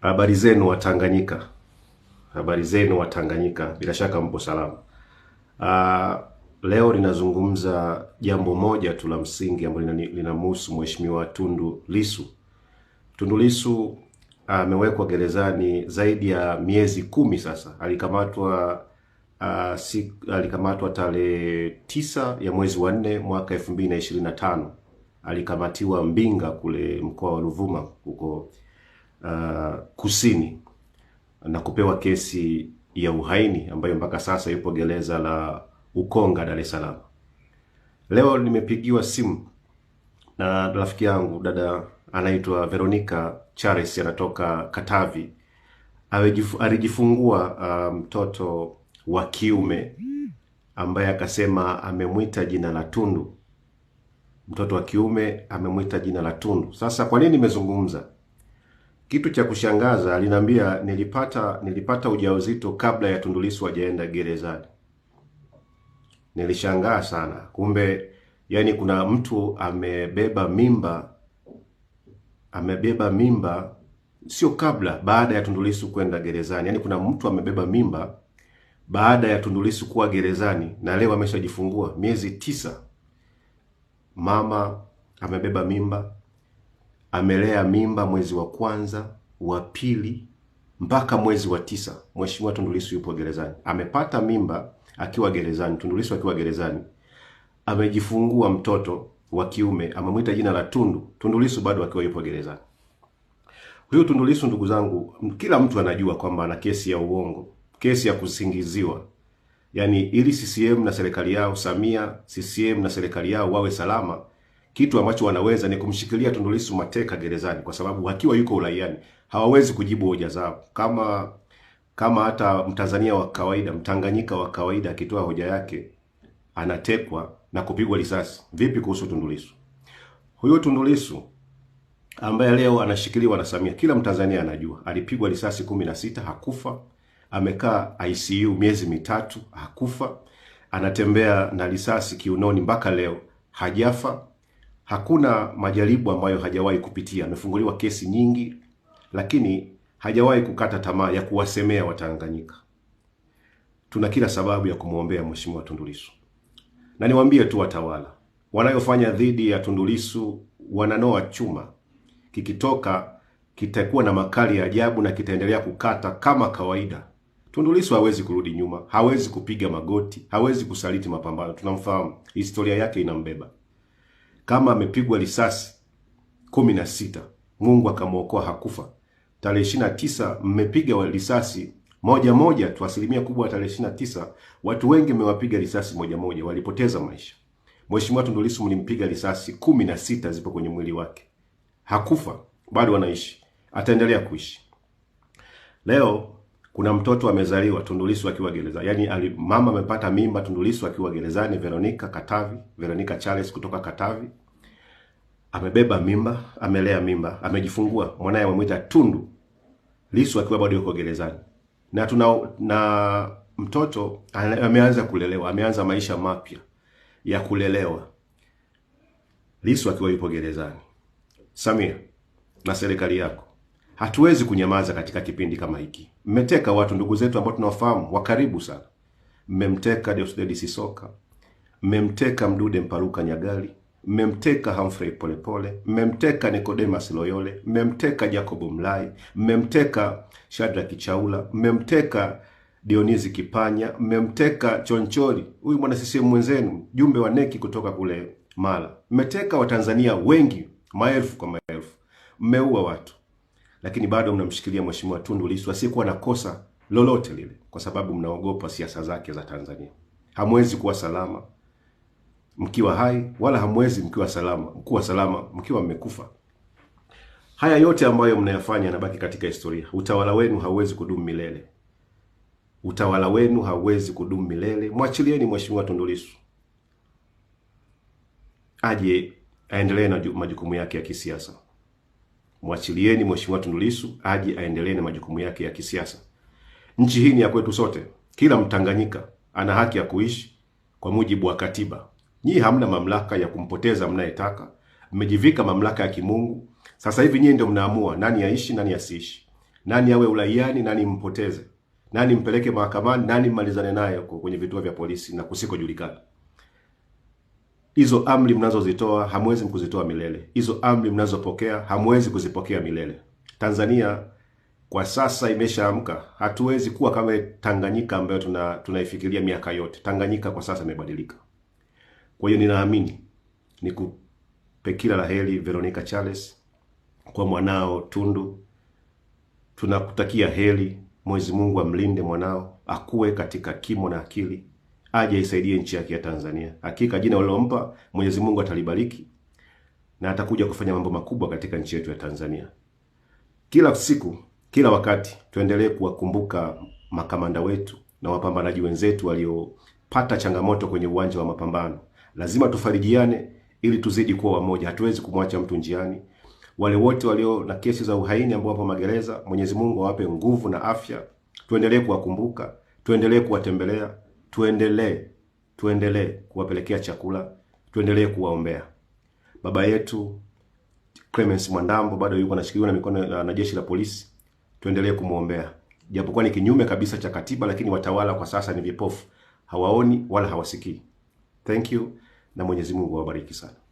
Habari zenu wa Tanganyika, habari zenu wa Tanganyika, bila shaka mpo salama. Uh, leo ninazungumza jambo moja tu la msingi ambalo linamhusu mheshimiwa Tundu Lissu. Tundu Lissu amewekwa uh, gerezani zaidi ya miezi kumi sasa. Alikamatwa uh, ah, si, alikamatwa tarehe tisa ya mwezi wa nne mwaka elfu mbili na ishirini na tano. Alikamatiwa Mbinga kule mkoa wa Ruvuma huko uh, kusini na kupewa kesi ya uhaini ambayo mpaka sasa yupo gereza la Ukonga, Dar es Salaam. Leo nimepigiwa simu na rafiki yangu dada anaitwa Veronica Charles anatoka Katavi. Alijifungua uh, mtoto um, wa kiume ambaye akasema amemwita jina la Tundu. Mtoto wa kiume amemwita jina la Tundu. Sasa kwa nini nimezungumza kitu cha kushangaza alinambia, nilipata nilipata ujauzito kabla ya Tundu Lissu hajaenda gerezani. Nilishangaa sana, kumbe yani kuna mtu amebeba mimba, amebeba mimba sio kabla, baada ya Tundu Lissu kwenda gerezani. Yani kuna mtu amebeba mimba baada ya Tundu Lissu kuwa gerezani, na leo ameshajifungua miezi tisa, mama amebeba mimba amelea mimba mwezi wa kwanza, wa pili mpaka mwezi wa tisa. Mheshimiwa Tundu Lissu yupo gerezani, amepata mimba akiwa gerezani. Tundu Lissu akiwa gerezani amejifungua mtoto wa kiume, amemwita jina la Tundu. Tundu Lissu bado akiwa yupo gerezani. Huyu Tundu Lissu, ndugu zangu, kila mtu anajua kwamba ana kesi ya uongo, kesi ya kusingiziwa. Yaani ili CCM na serikali yao Samia, CCM na serikali yao wawe salama kitu ambacho wanaweza ni kumshikilia Tundu Lissu mateka gerezani, kwa sababu akiwa yuko uraiani hawawezi kujibu hoja zao. Kama kama hata Mtanzania wa kawaida, Mtanganyika wa kawaida akitoa hoja yake anatekwa na kupigwa risasi. Vipi kuhusu Tundu Lissu? Huyo Tundu Lissu ambaye leo anashikiliwa na Samia, kila Mtanzania anajua alipigwa risasi kumi na sita hakufa, amekaa ICU miezi mitatu hakufa, anatembea na risasi kiunoni mpaka leo hajafa. Hakuna majaribu ambayo hajawahi kupitia. Amefunguliwa kesi nyingi, lakini hajawahi kukata tamaa ya kuwasemea Watanganyika. Tuna kila sababu ya kumwombea Mheshimiwa Tundu Lissu, na niwaambie tu watawala, wanayofanya dhidi ya Tundu Lissu wananoa chuma, kikitoka kitakuwa na makali ya ajabu na kitaendelea kukata kama kawaida. Tundu Lissu hawezi kurudi nyuma, hawezi kupiga magoti, hawezi kusaliti mapambano. Tunamfahamu, historia yake inambeba kama amepigwa risasi kumi na sita Mungu akamwokoa hakufa. Tarehe ishirini na tisa mmepiga risasi moja moja tu, asilimia kubwa ya tarehe ishirini na tisa watu wengi mmewapiga risasi moja moja, walipoteza maisha. Mheshimiwa Tundu Lissu mlimpiga risasi kumi na sita zipo kwenye mwili wake, hakufa, bado wanaishi ataendelea kuishi leo kuna mtoto amezaliwa Tundu akiwa gereza, yaani ali, mama amepata mimba tundulisu akiwa gerezani, Veronica Katavi, Veronica Charles kutoka Katavi amebeba mimba, amelea mimba, amejifungua mwanaye, amemwita Tundu lisu akiwa bado yuko gerezani, na tuna na mtoto ameanza kulelewa, ameanza maisha mapya ya kulelewa lisu akiwa yupo gerezani. Samia na serikali yako Hatuwezi kunyamaza katika kipindi kama hiki. Mmeteka watu ndugu zetu ambao tunawafahamu wa karibu sana. Mmemteka Deusdedith Sisoka, mmemteka Mdude Mparuka Nyagali, mmemteka Humphrey Polepole, mmemteka Nicodemus Loyole, mmemteka Jacobo Mlai, mmemteka Shadrack chaula mmemteka Dionisi Kipanya, mmemteka Chonchori, huyu mwana CCM mwenzenu, mjumbe wa neki kutoka kule Mara. Mmeteka Watanzania wengi, maelfu kwa maelfu, mmeua watu lakini bado mnamshikilia Mheshimiwa Tundu Lissu asiyekuwa na kosa lolote lile, kwa sababu mnaogopa siasa zake za Tanzania. Hamwezi kuwa salama mkiwa hai, wala hamwezi mkiwa salama kuwa salama mkiwa mmekufa. Haya yote ambayo mnayafanya yanabaki katika historia. Utawala wenu hauwezi kudumu milele, utawala wenu hauwezi kudumu milele. Mwachilieni Mheshimiwa Tundu Lissu aje aendelee na majukumu yake ya kisiasa mwachilieni Mheshimiwa Tundu Lissu aje aendelee na majukumu yake ya kisiasa. Nchi hii ni ya kwetu sote, kila Mtanganyika ana haki ya kuishi kwa mujibu wa katiba. nyii hamna mamlaka ya kumpoteza mnayetaka, mmejivika mamlaka ya kimungu. Sasa hivi nyinyi ndio mnaamua nani aishi, nani asiishi, nani awe uraiani, nani mpoteze, nani mpeleke mahakamani, nani mmalizane naye kwenye vituo vya polisi na kusikojulikana hizo amri mnazozitoa hamwezi kuzitoa milele, hizo amri mnazopokea hamwezi kuzipokea milele. Tanzania kwa sasa imeshaamka, hatuwezi kuwa kama Tanganyika ambayo tuna tunaifikiria miaka yote. Tanganyika kwa sasa imebadilika. Kwa hiyo ninaamini ni kila la heri Veronica Charles, kwa mwanao Tundu tunakutakia heri. Mwenyezi Mungu amlinde mwanao, akue katika kimo na akili aje aisaidie nchi yake ya Tanzania. Hakika jina ulilompa Mwenyezi Mungu atalibariki na atakuja kufanya mambo makubwa katika nchi yetu ya Tanzania. Kila siku, kila wakati tuendelee kuwakumbuka makamanda wetu na wapambanaji wenzetu waliopata changamoto kwenye uwanja wa mapambano. Lazima tufarijiane ili tuzidi kuwa wamoja. Hatuwezi kumwacha mtu njiani. Wale wote walio na kesi za uhaini ambao wapo magereza, Mwenyezi Mungu awape nguvu na afya. Tuendelee kuwakumbuka, tuendelee kuwatembelea tuendelee tuendelee kuwapelekea chakula, tuendelee kuwaombea. Baba yetu Clemence Mwandambo bado yuko anashikiliwa na mikono na jeshi la polisi, tuendelee kumwombea, japokuwa ni kinyume kabisa cha katiba, lakini watawala kwa sasa ni vipofu, hawaoni wala hawasikii. Thank you na Mwenyezi Mungu awabariki sana.